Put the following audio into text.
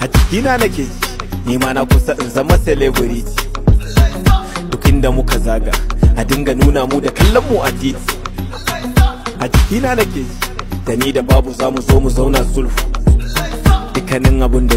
a cikina nake ji ni ma na kusa in zama celebrity duk inda muka zaga a dinga nuna mu da kallon mu a titi a cikina nake ji da ni da babu zamu mu zo mu zauna sulhu dukkanin abun da